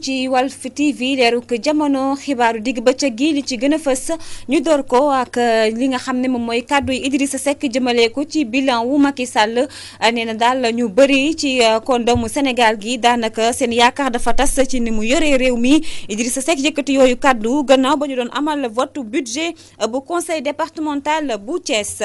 ci Walf TV leeruk jamono xibaaru digg bëccëg gi li ci gën a fës ñu door ko ak eh, li nga xam ne moom mooy kàddu yi Idrissa Seck jëmale ko ci bilan wu Macky Sall eh, nee na daal ñu bëri ci eh, kondomu Sénégal gi daanaka seen yaakaar dafa tas ci ni mu yoree réew mi Idrissa Seck yëkkati yooyu kàddu gannaaw ba ñu doon amal vote budget bu conseil départemental bu Thiès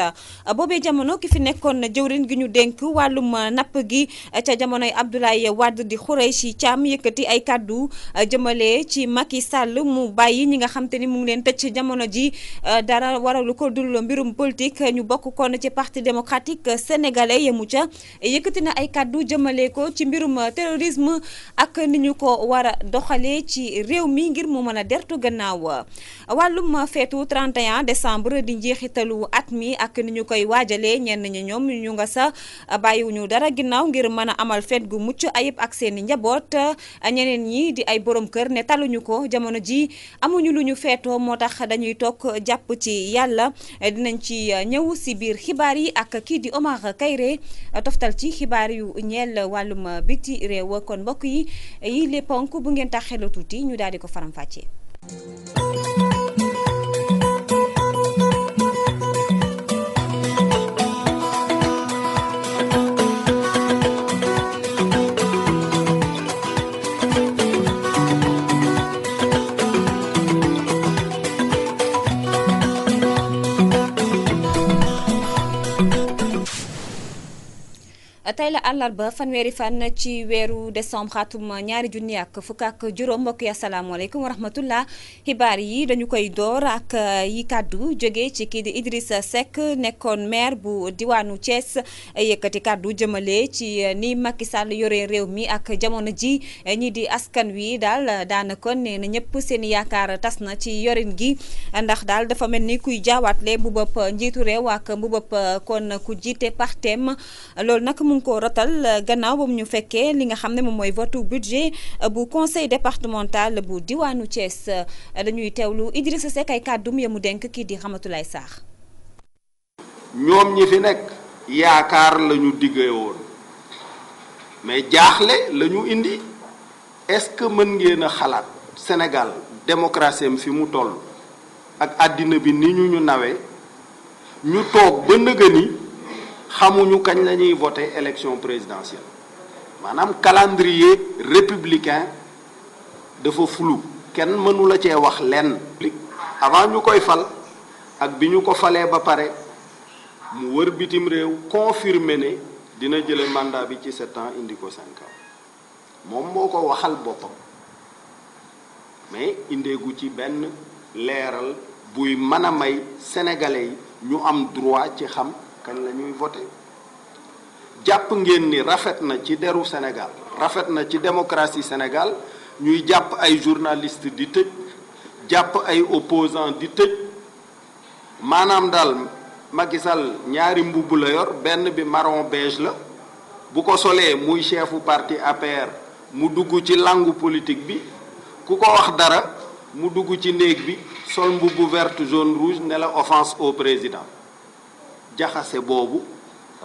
boobee jamono ki fi nekkoon na jëwrin gi ñu dénk wàllum napp gi ca jamonoy Abdoulaye Wade di Khoureychi Thiam yëkkati ay kàddu kàddu euh, jëmale ci Macky Sall mu bàyyi ñi nga xam te ni mu ngi leen tëj jamono ji euh, dara waralu ko dul mbirum politique ñu bokk kon ci parti démocratique sénégalais yemu ca yëkkati na ay kàddu jëmale ko ci mbirum terrorisme ak ni ñu ko war a doxalee ci réew mi ngir mu mën a dertu gannaaw wàllum feetu 31 décembre di njeexitalu at mi ak ni ñu koy waajalee ñenn ñi ñoom ñu nga sa bàyyiwuñu dara ginnaaw ngir mën a amal fet gu mucc ayib ak seeni njaboot ñeneen di ay borom kër ne taluñu ko jamono ji amuñu lu ñu feetoo moo tax dañuy toog jàpp ci yàlla dinañ ci ñëw si biir xibaar yi ak kii di Omar Kayre toftal ci xibaar yu ñeel wàllum biti réew kon mbokk yi yi les ponk bu ngeen tax la tuuti ñu daal di ko faram-fàccee. tey la àllarba fanweeri fan ci weeru décembre atum ñaari junni ak fukk ak juróom mbokk yi asalaamaaleykum wa xibaar yi dañu koy door ak eh, yi kàddu jóge ci kii di Idrissa Seck nekkoon maire bu diwaanu Thiès yëkkati kàddu jëmale ci eh, ni Macky Sall yore réew mi ak jamono ji eh, ñi di askan wi daal daanaka nee na ñëpp seen yaakaar tas na ci yorin gi ndax daal dafa mel ni kuy jaawaatle bu bopp njiitu réew ak bu bopp kon ku jiite partem loolu nag mu koo rotal gannaaw ba mu ñu fekkee li nga xam ne moom mooy votu budget bu conseil départemental bu diwaanu Thiès dañuy teewlu Idrissa Seck ay kàddum ya mu dénk kii di Ramatoulaye Sarr. ñoom ñi fi nekk yaakaar lañu ñu diggee woon mais jaaxle la ñu indi est-ce que mën ngeen a xalaat Sénégal démocratie am fi mu toll ak àddina bi ni ñu ñu nawee ñu toog ba nëgë xamuñu kañ la ñuy voté élection présidentielle maanaam calendrier républicain dafa flou kenn mënu la cee wax lenn. avant ñu koy fal ak bi ñu ko falee ba pare mu wër bitim réew confirmer ne dina jële mandat bi ci sept ans indi ko cinq moom moo ko waxal boppam mais indeegu ci benn leeral buy mën a may sénégalais yi ñu am droit ci xam. kañ la ñuy voté jàpp ngeen ni rafet na ci deru Sénégal rafet na ci démocratie Sénégal ñuy jàpp ay journaliste di tëj jàpp ay opposant di tëj maanaam daal Macky ñaari mbubb la yor benn bi marron beige la bu ko solee muy chefu parti APR mu dugg ci langu politique bi ku ko wax dara mu dugg ci néeg bi sol mbubb verte jaune rouge ne la offense au président jaxase boobu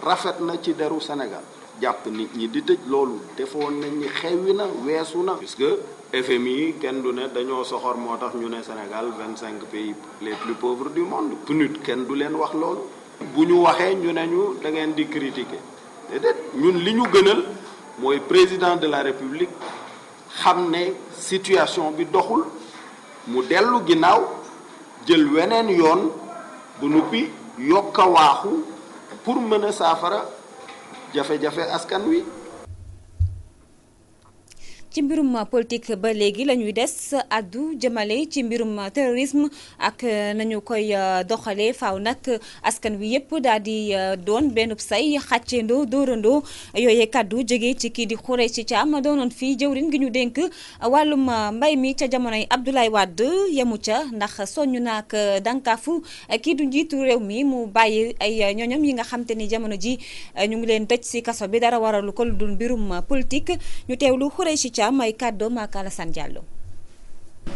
rafet na ci deru Sénégal jàpp nit ñi di tëj loolu defoon nañ ni xewwi na weesu na. puisque FMI kenn du ne dañoo soxor moo tax ñu ne Sénégal vingt cinq pays les plus pauvres du monde PNUD kenn du leen wax loolu. bu ñu waxee ñu ne ñu da ngeen di critiquer déedéet ñun li ñu gënal mooy président de la république xam ne situation bi doxul mu dellu ginnaaw jël weneen yoon bu nuppi yokk a waaxu pour mën a saafara jafe-jafe askan wi ci mbirum politique ba léegi la ñuy des addu jëmale ci mbirum terrorisme ak nañu koy euh, doxalee faw nag askan wi yëpp daal di euh, doon benn say xàcceendoo dóorandoo yooyee kàddu jógee ci kii di xure ci caam doonoon fii jëwrin ngi ñu dénk wàllum mbay mi ca jamonoy Abdoulaye Wade yemu ca ndax soññu naak dànkaafu kii du njiitu réew mi mu bàyyi ay ñoñom yi nga xam ni jamono ji ñu ngi leen tëj si kaso bi dara waralu ko lu dul mbirum politique ñu teewlu xure ci Thiam ay kàddoom ak Alassane Diallo.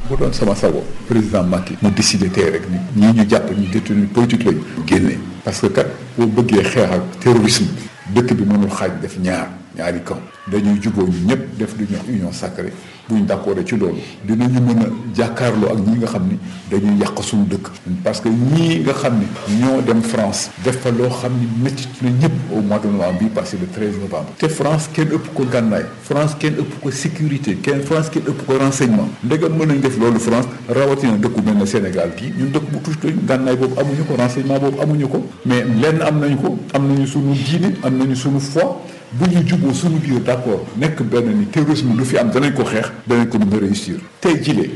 bu doon sama sago président Macky mu décidé tey rek ni ñii ñu jàpp ñu détenu politique lañu génne parce que kat boo bëggee xeex ak terrorisme dëkk bi mënul xaaj def ñaar ñaari camp dañuy juboo ñu ñëpp def lu ñuy union sacrée buñ d'accord ci loolu dinañu mën a jàkkaarloo ak ñi nga xam ni dañuy yàq suñu dëkk parce que ñii nga xam ni ñoo dem France def fa loo xam ni métti na ñëpp au mois de novembre bi le 13 novembre te France kenn ëpp ko gànnaay France kenn ëpp ko sécurité kenn France kenn ëpp ko renseignement ndegam mën nañ def loolu France rawatina dëkku benn Sénégal gii ñu dëkk bu tuuti lañu gànnaay boobu amuñu ko renseignement boobu amuñu ko mais lenn am nañ ko am nañu suñu diine am nañu suñu foi bu ñu juboo suñu biir d' nekk benn ni terrorisme du fi am danañ ko xeex danañ ko mën a réussir tey jilee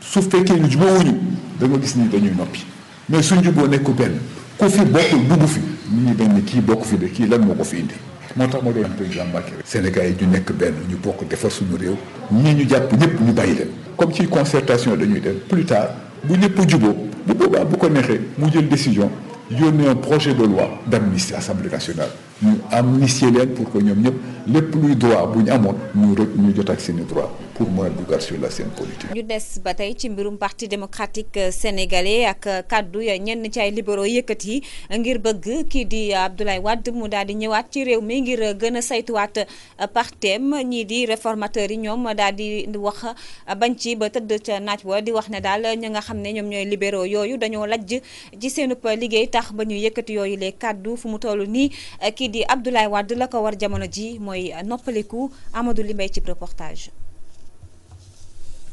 su fekkee ñu jubóowuñu da nga gis ni dañuy noppi mais suñ juboo nekk benn ku fi bokkul dugg fi ñu ngi benn kii bokk fi de kii lan moo ko fi indi moo tax ma doon président Mbacké Sénégal yi ñu nekk benn ñu bokk defar suñu réew ñii ñu jàpp ñëpp ñu bàyyi leen comme ci concertation dañuy dem plus tard bu ñëpp juboo bu boobaa bu ko neexee mu jël décision yónnee projet de loi d'amnistie assemblée nationale ñu amnistier leen pour que ñoom ñëpp lépp luy droit bu ñu amoon ñu rek ñu jot ak seeni droit pour mën a dugal la scène politique. ñu des ba tey ci mbirum parti démocratique euh, sénégalais ak euh, kàddu ya ñenn ci ay libéraux yëkkat yi ngir bëgg kii di euh, Abdoulaye Wade mu daal di ñëwaat ci réew mi ngir gën a saytuwaat partem ñii di reformateur yi ñoom daal di wax bañ ci ba tëdd ca naaj wa di wax ne daal ñi nga xam ne ñoom ñooy libéraux yooyu dañoo lajj ci seenub liggéey tax ba yooyu kii di Abdoulaye Wade la ko war jamono ji mooy noppaliku Amadou Limbay ci reportage.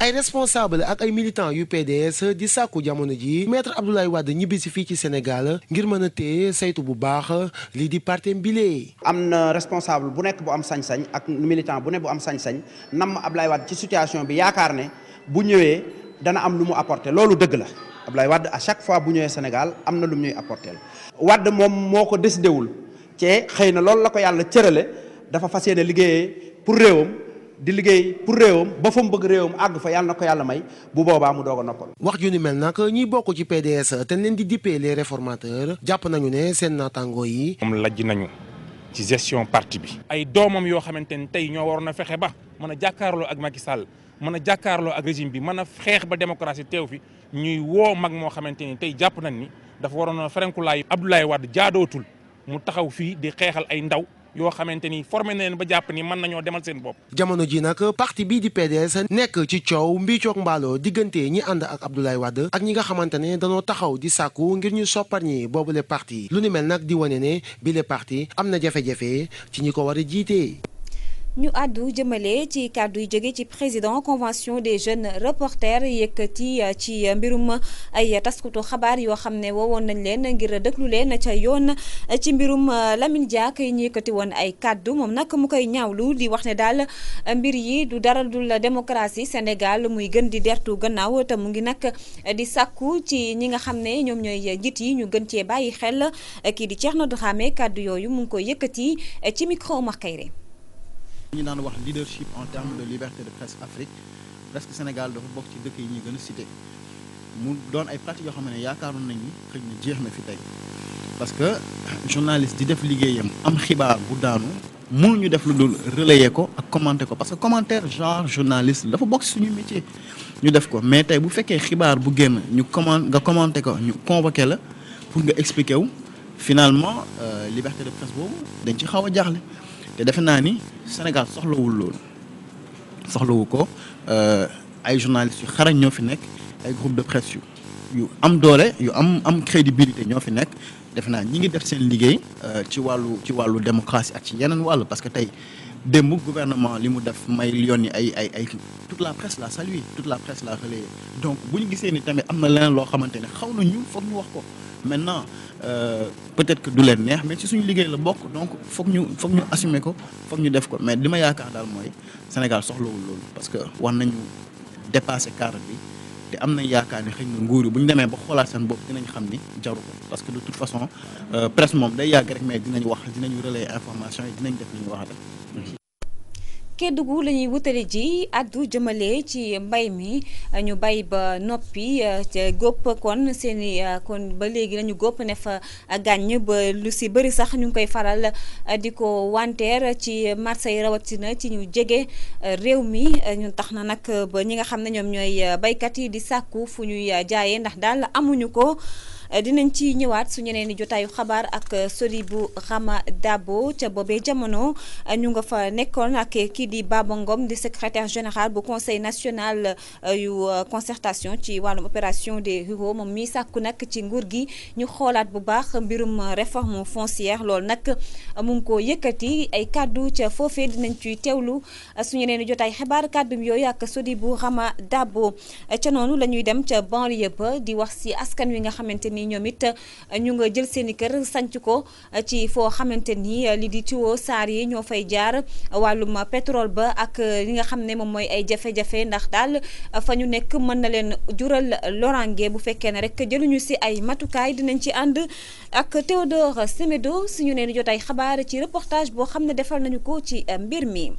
ay responsable ak ay militant yu PDS di sàkku jamono ji maître Abdoulaye wadd ñibbisi fii ci Sénégal ngir mën a téye saytu bu baax lii di parti mbile. am na responsable bu nekk bu am sañ-sañ ak militant bu nekk bu am sañ-sañ nam Abdoulaye Wade ci situation bi yaakaar ne bu ñëwee dana am lu mu apporter loolu dëgg la Abdoulaye Wade à chaque fois bu ñëwee Sénégal am na lu muy ñuy cee xëy na loolu la ko yàlla cërale dafa fas yéene liggéeye pour réewam di liggéey pour réewam ba fa mu bëgg réewam àgg fa yàlla na ko yàlla may bu boobaa mu doog a noppal. wax ju ni mel nag ñi bokk ci PDS te leen di dippee les réformateurs jàpp nañu ne seen naataangoo yi. moom lajj nañu ci gestion partie bi. ay doomam yoo xamante ni tey ñoo waroon a fexe ba mën a jàkkaarloo ak Macky Sall mën a jàkkaarloo ak régime bi mën a xeex ba démocratie teew fi ñuy woo mag moo xamante ni tey jàpp nañ ni dafa waroon a ferenkulaayu Abdoulaye Wade jaadootul. mu taxaw fii di xeexal ay ndaw yoo xamante ni forme na leen ba jàpp ni mën nañoo demal seen bopp. jamono ji nag parti bii di PDS nekk ci coow mbiicoog mbaaloo diggante ñi ànd ak Abdoulaye wadd ak ñi nga xamante ne danoo taxaw di sàkku ngir ñu soppar ñi boobule parti lu ni mel nag di wane ne bile parti am na jafe-jafe ci ñi ko war a jiite. ñu àddu jëmale ci kàddu yu jóge ci président convention des jeunes reporters yëkkati euh, ci euh, mbirum ay taskutu xabaar yoo xam ne woowoon nañ leen ngir déglu leen ca yoon euh, ci mbirum Lamine Diack yi ñu yëkkati woon ay kàddu moom nag mu koy ñaawlu di wax ne daal mbir yi du dara dul démocratie Sénégal muy gën di dertu gannaaw te mu ngi nag di sàkku ci ñi nga xam ne ñoom ñooy njiit yi ñu gën cee bàyyi xel kii di Thierno Dramé kàddu yooyu mu ngi ko yëkkati ci micro Omar Kayre ñu daan wax leadership en termes de liberté de presse Afrique presque Sénégal dafa bokk ci dëkk yi ñuy gën a cité mu doon ay pratiques yoo xam ne yaakaaroon nañu xëy na jeex na fi tey parce que journaliste di def liggéeyam am xibaar bu daanu mënuñu def lu dul relayer ko ak commenter ko parce que commentaire genre journaliste dafa bokk suñu métier ñu def ko mais tey bu fekkee xibaar bu génn ñu comment nga commenter ko ñu convoqué la pour nga expliquer wu finalement euh, liberté de presse boobu dañ ci xaw a jaaxle. te defe naa ni Sénégal soxlawul loolu soxlawu ko euh, ay journalistes yu xarañ ñoo fi nekk ay groupe de presse yu yu am doole yu am am crédibilité ñoo fi nekk defe naa ñi ngi def seen liggéey euh, ci wàllu ci wàllu démocratie ak ci yeneen wàll parce que tey démb gouvernement li mu def may yoon yi ay ay ay toute la presse la salue toute la presse la relayé donc bu ñu gisee ni tamit am na leneen loo xamante ne xaw na ñu foog ñu wax ko maintenant Euh, peut-être que du leen neex mais ci suñu liggéey la bokk donc foog ñu foog ñu assumer ko foog ñu def ko mais li ma yaakaar daal mooy Sénégal soxlawul loolu parce que war nañu dépasser cadre bi te am nañ yaakaar ne xëy na nguur yi bu ñu demee ba xoolaat seen bopp dinañ xam ni jaru ko parce que de toute façon euh, presse moom day yàgg rek mais dinañ wax dinañu relayer information yi dinañ def li ñu wax Kédougou la ñuy wutale ji addu jëmale ci mbay mi ñu bay ba noppi euh, gopp kon seen i euh, kon ba léegi lañu gopp ne fa gàññ ba lu si bëri sax ñu ngi koy faral euh, di ko wanteer ci marché yi rawatina ci ñu jege réew mi ñu tax na nag ba ñi nga xam ne ñoom ñooy baykat yi di sàkku fu ñuy jaayee ndax dal amuñu ko. dinañ ci ñëwaat su ñeneen ni jotaayu xabaar ak euh, bu Rama Dabo ca boobee jamono euh, ñu nga fa nekkoon ak kii di Baba Ngom di secrétaire général bu conseil national euh, yu concertation ci wàllum opération des moom mi sàkku nag ci nguur gi ñu xoolaat bu baax mbirum réforme foncière lool nag mu ngi ko yëkkati ay kàddu ca foofee dinañ ciy teewlu su ñeneen ni jotaay xibaar kàddum yooyu ak sodi Soribou Rama Dabo ca noonu la ñuy dem ca banlieue ba di wax si askan wi nga xamante ni ñoom it uh, ñu nga jël seeni kër sanc ko uh, ci foo xamante ni uh, li di tuyau saar yi ñoo fay jaar wàllum pétrole ba ak li nga xam ne moom mooy ay jafe-jafe ndax daal fa ñu nekk mën na leen jural lorange bu fekkee ne rek jëluñu si ay matukaay dinañ ci ànd ak Théodore Semedo suñu neen jot ay xabaar ci reportage boo xam ne defal nañu ko ci mbir mii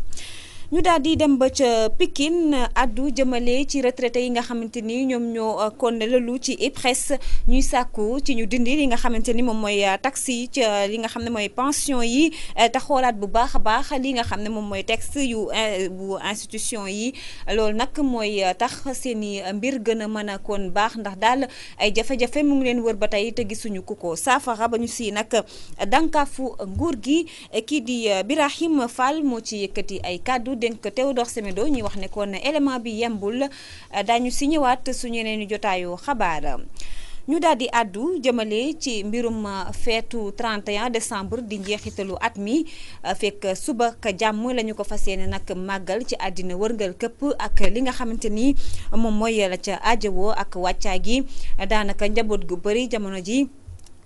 ñu daal di dem ba ca Pikine addu jëmale ci retraité yi nga xamante ni ñoom ñoo euh, kon lëlu ci IPRES ñuy sàkku ci ñu dindi li nga xamante ni moom mooy euh, taxe yi ci li nga xam ne mooy pension yi euh, te xoolaat bu baax a baax li nga xam ne moom mooy texte yu bu institution yi loolu nag mooy tax seen i mbir gën a mën a kon baax ndax daal ay jafe-jafe mu ngi leen wër ba tey te gisuñu ku ko saafara ba ñu si nag dànkaafu nguur gi kii di Birahim Fall moo ci yëkkati ay kàddu dénk Théodore Semedo ñuy wax ne kon élément bi yembul daañu si ñëwaat suñu yeneen jotaayu xabaar. ñu daal di àddu jëmale ci mbirum feetu 31 décembre di njeexitalu at mi fekk suba ak jàmm lañu ko fa yéene nag màggal ci àddina wërngal këpp ak li nga xamante ni moom mooy la ca ajawoo ak wàccaa gi daanaka njaboot gu bëri jamono ji.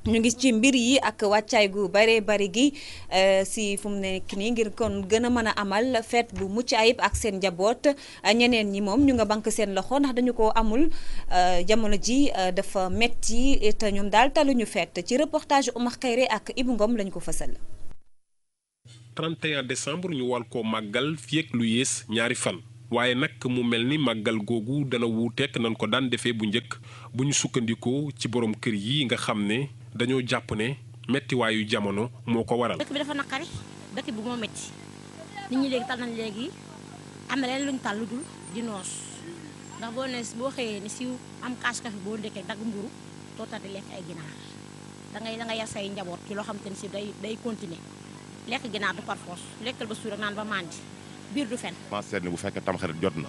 ñu ngi ci mbir yi ak wàccaay gu bare bari gi euh, si fum nekk nii ngir kon gën a mën a amal fête bu mucc ayib ak seen njaboot ñeneen ñi moom ñu nga bank seen loxo ndax dañu ko amul euh, jamono ji euh, dafa metti te ñoom daal ñu fête ci reportage Oumar Kayre ak Ibou Ngom lañu ko fësal. 31 décembre ñu war koo màggal fii lu yées ñaari fan. waaye nag mu mel ni màggal googu dana wuuteek nan ko daan defee bu njëkk bu ñu sukkandikoo ci borom kër yi nga xam ne. dañoo jàpp ne méttiwaayu jamono moo ko waral. dëkk bi dafa naqari dëkk bi moo métti nit ñi léegi tal nañ léegi am na leen luñ tal lu dul di noos ndax boo nee boo xëyee ni siiw am kaas kafe boo ndekkee dagg mburu tootal di lekk ay ginaar da ngay yar say njaboot ci loo xam te ni si day day continuer lekk ginaar du par lekkal ba suur ak naan ba màndi biir du fen. ma seet ni bu fekkee tamxarit jot na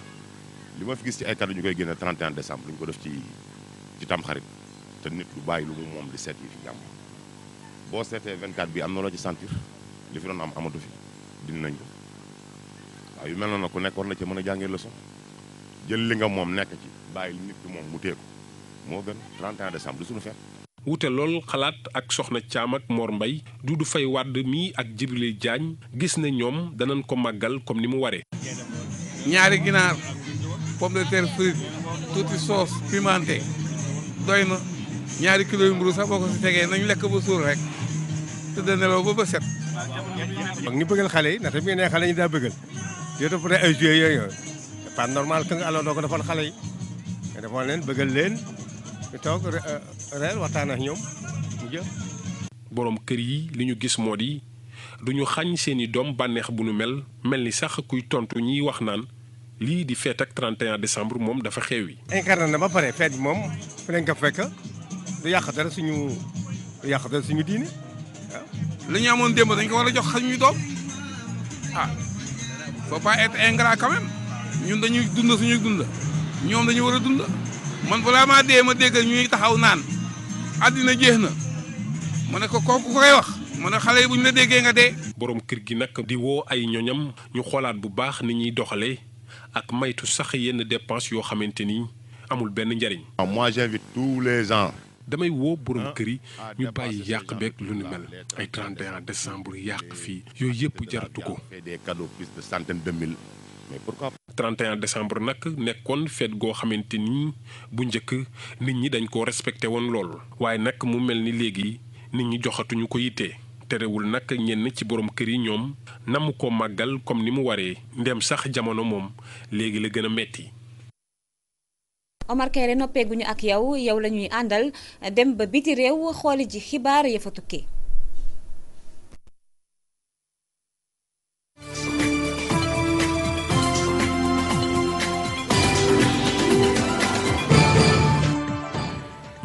li ma fi gis ci ay ñu koy génne 31 décembre lu ñu ko def ci ci tamxarit. te nit lu bàyyi lu mu moom di seet yi fi jàmm boo seetee 24 bi am na loo ci sentir li fi doon am amatu fi dindi nañ ko yu mel noonu ku nekk war na ci mën a jàngee leçon jël li nga moom nekk ci bàyyi nit ki moom mu téeku moo gën 31 décembre du suñu feet wute lool xalaat ak soxna Thiam ak mbay du du fay wàdd mii ak Djibril jaañ gis ne ñoom danañ ko màggal comme ni mu waree. ñaari ginaar pomme de terre frite tuuti sauce pimentée doy na. ñaari kilo yu mburu sax boo ko si tegee nañ lekk ba suur rek te nelaw ba ba set. donc ñu bëggal xale yi ndax tamit ne xale ñu daa bëggal yow dafa ay joué normal que nga ko defoon xale yi nga defoon leen bëggal euh, waxtaan ak ñoom mu kër yi li ñu gis moo di ñu xañ seeni doom bànneex bu nu mel mel ni sax kuy tontu ñiy wax naan lii di fête ak 31 décembre moom dafa xew yi. na ba pare feet bi moom fu leen ko fekk. du yàq dara suñu du yàq suñu diine waaw. li amoon démb dañ ko war a jox xañ ñu doom ah faut pas être ingrat quand ñun dañuy dund suñuy dund ñoom dañu war a dund man balaa maa dee ma dégg ñuy taxaw naan àddina jeex na ma ne ko kooku wax. ma ne xale yi bu ñu la déggee nga dee. boroom kër gi nag di woo ay ñoñam ñu xoolaat bu baax ni ñuy doxalee ak maytu sax yenn dépense yoo xamante ni amul benn njariñ. Ah, moi j'invite tous les damay woo borom ah. kër yi ah, ñu bàyyi yàq beeg lu ni ah, mel ay 31 décembre yàq fii yooyu yëpp jaratu ko. des cadeaux plus de centaines de décembre nag nekkoon feet goo xamante ni bu njëkk nit ñi dañ koo respecté woon lool. waaye nag mu mel ni léegi nit ñi joxatuñu ko yitte. terewul nag ñenn ci borom kër yi ñoom namu ko màggal comme ni mu waree ndem sax jamono moom léegi la gën a metti Omar Kayre noppeeguñu ak yow yow la ñuy àndal dem ba biti réew xooli ji xibaar ya fa tukkee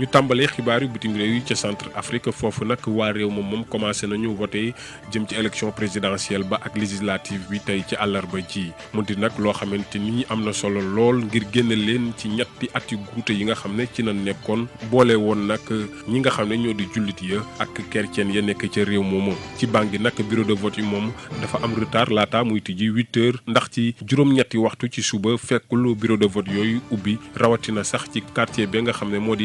ñu tàmbalee yu bitim réew yi ca centre Afrique foofu nag waa réew moom moom commencé nañu voté jëm ci élection présidentielle ba ak législative bi tey ci àllarba ji mu di nag loo xamante ni am na solo lool ngir génne leen ci ñetti ati guute yi nga xam ne ci na nekkoon boole woon nag ñi nga xam ne ñoo di jullit ya ak kerceen ya nekk ca réew moomu ci bangi nag bureau de vote yi moom dafa am retard laata muy tijji huit heures ndax ci juróom-ñetti waxtu ci suba fekkul bureau de vote yooyu sax ci quartier bi nga xam ne moo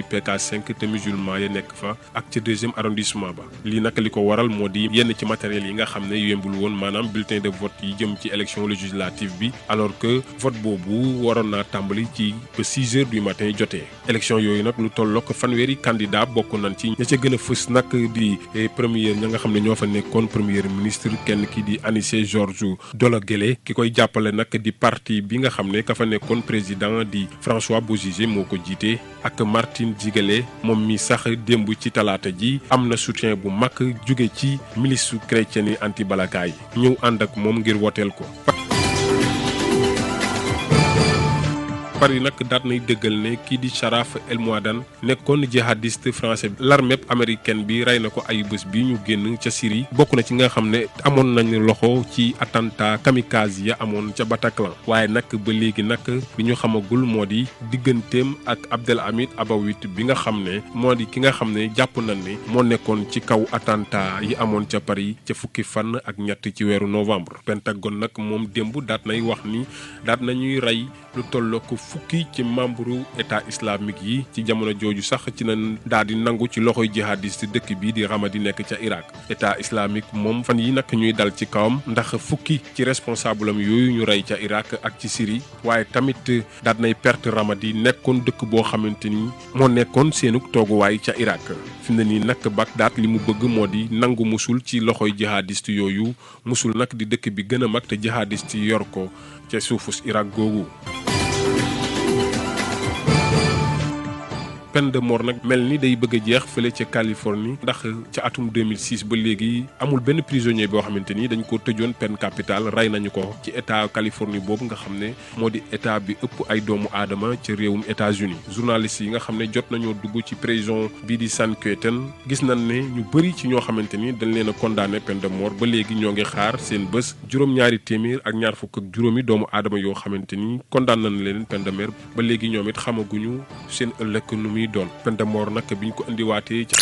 cinq te musulman ya nekk fa ak ca deuxième arrondissement ba lii nag li ko waral moo di yenn ci matériel yi nga xam ne yembul woon maanaam bulletin de vote yi jëm ci élection législative bi alors que vote boobu waroon na tàmbali ci ba six heures du matin jotee élection yooyu nag lu tolloo tollook fanweeri candidat bokk nañ ci ña ca gën a fës nag di eh, premier ña nga xam ne ñoo fa nekkoon premier ministre kenn ki di Anicet Georges Dologuélé ki koy jàppale nag di parti bi nga xam ne ka fa nekkoon président di François Bozizé moo ko jiite ak martin Diguélé moom mi sax démb ci talaata ji am na soutien bu mag jóge ci milice chrétienne yi anti balakaay ñëw ànd ak moom ngir woteel ko. Paris nag daat nay dëggal ne kii di Sharaf El Mouadane nekkoon jihadiste français bi l'armée américaine bi rey na ko ayu bés bi ñu génn ca siri bokk na ci nga xam ne amoon nañu loxo ci attentat kamikaze ya amoon ca Bataclan waaye nag ba léegi nag bi ñu xamagul moo di digganteem ak Abdelhamid Abawit bi nga xam ne moo di ki nga xam ne jàpp nañ ne moo nekkoon ci kaw attentat yi amoon ca Paris ca fukki fan ak ñett ci weeru novembre Pentagone nag moom démb daat nay wax ni daat nañuy rey fukki ci membre état islamique yi ci jamono jooju sax ci na daal di nangu ci loxoy jihadiste dëkk bi di Ramadi nekk ca Irak état islamique moom fan yi nag ñuy dal ci kawam ndax fukki ci responsable yooyu ñu rey ca Irak ak ci siri waaye tamit daal nay perte Ramadi nekkoon dëkk boo xamante ni moo nekkoon seenug tooguwaay ca Irak fi mu ne nii nag Bagdad li mu bëgg moo di nangu mosul ci loxoy jihadiste yooyu mosul nag di dëkk bi gën a mag te jihadiste yi yor ko ca suufus Irak googu. peine de mort nag mel ni day bëgg a jeex fële ca Californie ndax ca atum 2006 ba léegi amul benn prisonnier boo xamante ni dañ ko tëjoon penn capitale rey nañu ko ci état Californie boobu nga xam ne moo di état bi ëpp ay doomu aadama ca réewum états uni journaliste yi nga xam ne jot nañoo dugg ci prison bii di San Quentin gis nañ ne ñu bëri ci ñoo xamante ni dañ leen a condamné peine de mort ba léegi ñoo ngi xaar seen bés juróom-ñaari téeméer ak ñaar fukk ak juróomi doomu aadama yoo xamante ni condamné nañ leen peine ba léegi ñoom it xamaguñu muy doon peine de mort nag bi ñu ko indiwaatee ci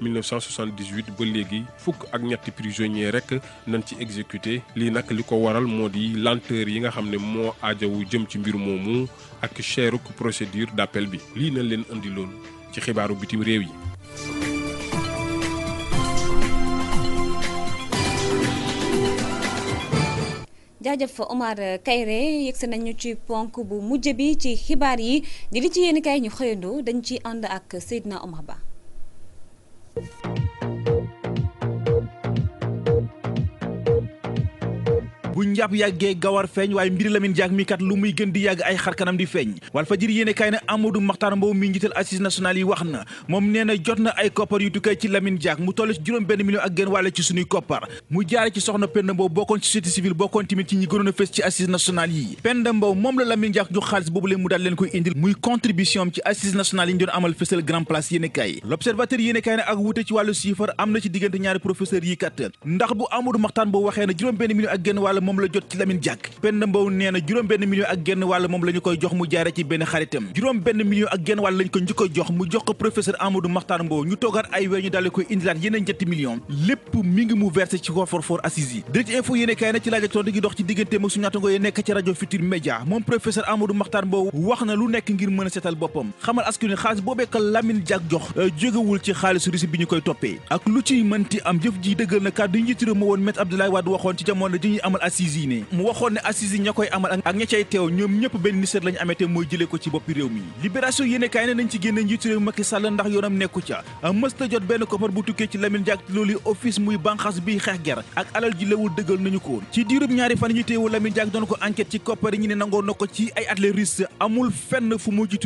1978 ba léegi fukk ak ñetti prisonniers rek nañ ci exécuté lii nag li ko waral moo di lenteur yi nga xam ne moo aajawu jëm ci mbir moomu ak cheruk procédure d'appel bi lii na leen indi loon ci xibaaru bitim réew yi jaajëf Omar Kayre yegsi nañu ci ponk bu mujj bi ci xibaar yi di li ci yéen kay ñu xëyandoo dañu ci ànd ak Seydina Omar Ba. bu njàpp yàggee gawar feeñ waaye mbiri Lamine Diack mi kat lu muy gën di yàgg ay xar kanam di feeñ Walfadjri yéene kaay ne Amadou Makhtar Mbow mi njiital assise nationale yi wax na moom nee jot na ay koppar yu ci Lamine Diack mu toll ci juróom benn million ak genn wàlle ci suñuy koppar mu jaare ci soxna Penda Mbow bokkoon ci société bokkoon tamit ci ñi gënoon ci assise nationale yi Penda Mbow moom la Lamine Diack jox xaalis boobu leen mu moom la nee na juróom benn million ak genn wàll moom la koy jox mu jaare ci benn xaritam juróom benn million ak genn wàll lañ ko a jox mu jox ko professeur Amadou Makhtar Mbow ñu toogaat ay weer ñu daal koy indilaat yeneen ñetti million lépp mi ngi mu versé ci coffre-fort direct info yéene kaay na ci laaj ak tontu dox ci diggante mag suñu naatangoo yi nekk ci rajo Futur Média moom professeur Amadou Makhtar Mbow wax na lu nekk ngir mën seetal assises yi ne mu waxoon ne assises yi ña koy amal ak ña cay teew ñoom ñëpp benn niseet lañu amee te mooy jëlee ko ci boppi réew mi libération yéene kaay ne nañ ci génne njiitu réew Macky Sall ndax yoonam nekku ca mësta jot benn koppar bu tukkee ci Lamine Diack loolu office muy banqaas bi xeex ger ak alal ji dëggal nañu ko ci diirub ñaari fan ñu téewu Lamine Diack doon ko enquête ci koppar yi ñu ne na ko ci ay atleris amul fenn fu mu ci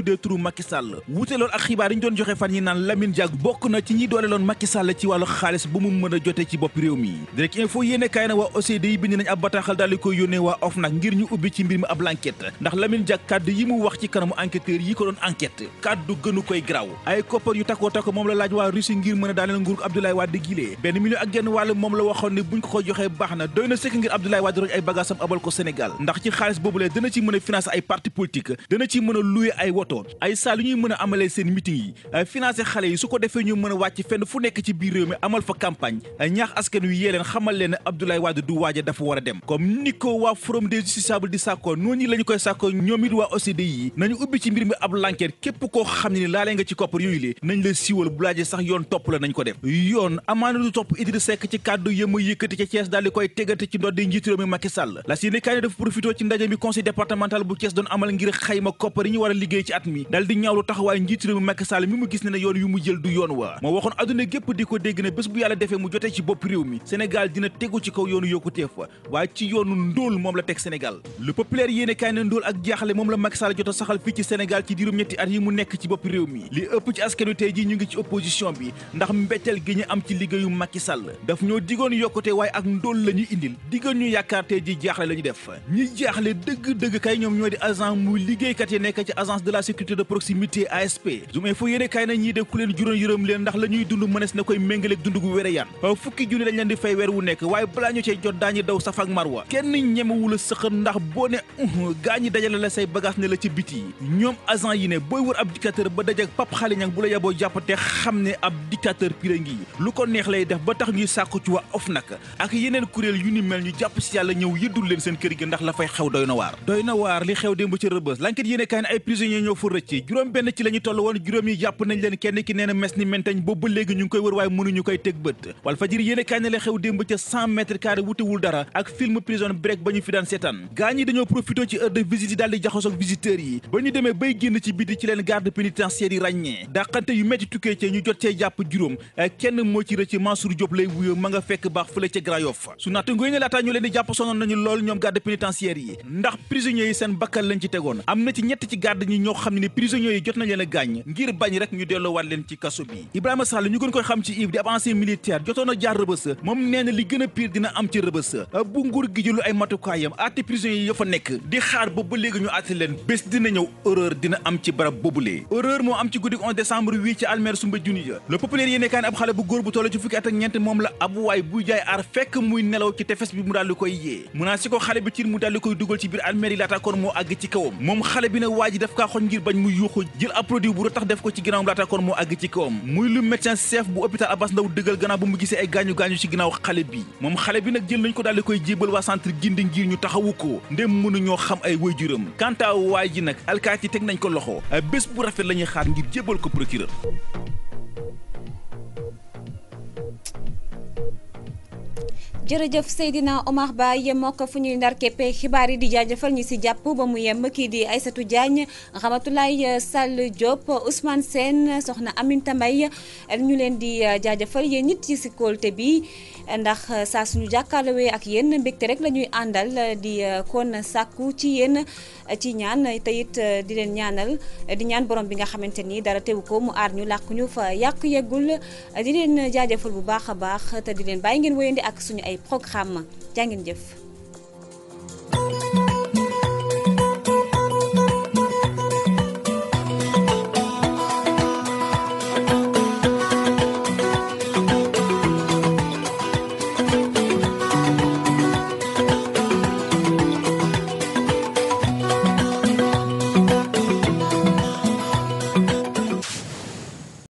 ñi bataaxal daal di koy yónnee waa OFNAC ngir ñu ubbi ci mbir mi ab l'enquête ndax Lamine Diack kàddu yi mu wax ci kanamu enquêteurs yi ko doon enquête kàddu gënu koy graw ay koppar yu takkoo takko moom la laaj waa Russie ngir mën a daaneel nguurug Abdoulaye Wade gilee benn million ak genn wàll moom la waxoon ne buñ ko ko joxee baax na doy na sëkk ngir Abdoulaye Wade roj ay bagaasam abal ko Sénégal ndax ci xaalis boobulee dana ci mën a financer ay parti politique dana comme ni ko waa forum des justiciables di sàkkoo noonu la ñu koy sàkkoo ñoom it waa OCD yi nañu ubbi ci mbir mi ab l'enquête képp koo xam ne ni laalee nga ci koppar yooyu le nañ la siiwal bu laajee sax yoon topp la nañ ko def yoon amaana du topp Idriss Seck ci kàddu yëma yëkkati ca Thiès daal koy tegate ci ndoddi njiitu réew mi Macky la si yéenekaay ne dafa profité ci ndaje mi conseil départemental bu Thiès doon amal ngir xayma koppar yi a liggéey ci mi mu gis yoon yu mu jël du yoon waa moo waxoon adduna gépp di ko dégg ne bés ci yoonu ndóol moom la teg Sénégal le populaire yéene kaay na ndóol ak jaaxle moom la Macky Sall jot a saxal fii ci Sénégal ci diirum ñetti at yi mu nekk ci bopp réew mi li ëpp ci askanu tey ji ñu ngi ci opposition bi ndax mbetteel gi ñu am ci liggéeyu Macky Sall daf ñoo digoon yokkute waaye ak ndóol la ñu indil diggoon ñu yaakaar tey ji jaaxle la ñu def ñi jaaxle dëgg-dëgg kay ñoom ñoo di agent muy liggéeykat yi nekk ci agence de la sécurité de proximité ASP Zoom Info yéene ndax la ñuy dund mënees na koy méngaleeg dund gu wére yaan fukki junni lañ leen ma wa kenn ñemewu la sëqat ndax boo ne gaa ñi dajale la say bagage ne la ci biti ñoom agent yi ne booy wër ab dictateur ba dajek pap xale bu la yeboo jàppate xam ne ab dictateur pire ngi lu ko neex lay def ba tax ñuy sàkku ci waa OFNAC ak yeneen kuréel yu ni mel ñu jàpp si yàlla ñëw yëddul leen seen kër gi ndax la fay xew doy na waar doy na waar li xew démb ci rëbës lanket yéene kaay ne ay prisonniers ñoo fa rëcc juróom benn ci la ñu woon juróom film prison break ba ñu fi daan seetaan gaañ yi dañoo profité ci heure de yi daal di jaxasoog yi ba ñu demee bay génn ci biti ci leen garde yi ràññee yu metti tukkee ci ñu jot cee jàpp juróom eh, kenn moo rëcc Mansour Diop lay wuyoo ma nga fekk baax fële ca Grand Yoff su naatangooy ne laataa ñu leen di jàpp sonoon nañu lool ñoom garde pénitentiaire yi ndax prisonniers yi seen bakkal lañ ci tegoon am na ci ñett ci garde ñi ñoo xam ni prisonniers a gaañ ngir bañ rek ñu delloo waat leen ci kaso bi Ibrahima Sall ñu gën koy xam ci Ive di ab a jaar rëbës moom nguur gi jëlu kaa ne ab xale bu góor bu toll ci fukki at ñeent moom la ab waay buy jaay aar fekk muy nelaw ci tefes bi mu daal koy yee mu si ko xale bi tiir mu daal koy dugal ci biir almeer yi laata kon moo àgg ci kawam moom xale bi ne waa ji kaa xoñ ngir bañ mu yuuxu jël ab produit bu tax def ko ci ginnaawam laata kon moo àgg ci kawam muy lu médecin chef bu hôpital Abass Ndao dëggal gannaaw bu mu gisee ay gaañu gaañu ci waa centre gindi ngir ñu taxawu ko ndem mënuñoo xam ay waajuram quant à waay ji nag alkaati teg nañ ko loxo bés bu rafet la ñuy xaar ngir jébal ko procureur jërëjëf Seydina Omar Ba yemoo ko fu ñuy ndar keppee xibaar yi di jaajëfal ñi si jàpp ba mu yem kii di ay Aïssatou Diagne Ramatoulaye Sall Diop Ousmane seen soxna Aminta Mbaye ñu leen di jaajëfal yéen nit ci si kóolte bi ndax saa suñu jàkkaarlawee ak yéen mbégte rek la ñuy àndal di kon sàkku ci yéen ci ñaan te it di leen ñaanal di ñaan borom bi nga xamante ni dara teewu ko mu aar ñu làkk ñu fa yàq yeggul di leen jaajëfal bu baax a baax te di leen bàyyi ngeen wéyandi ak suñu ay ay programme jaa ngeen jëf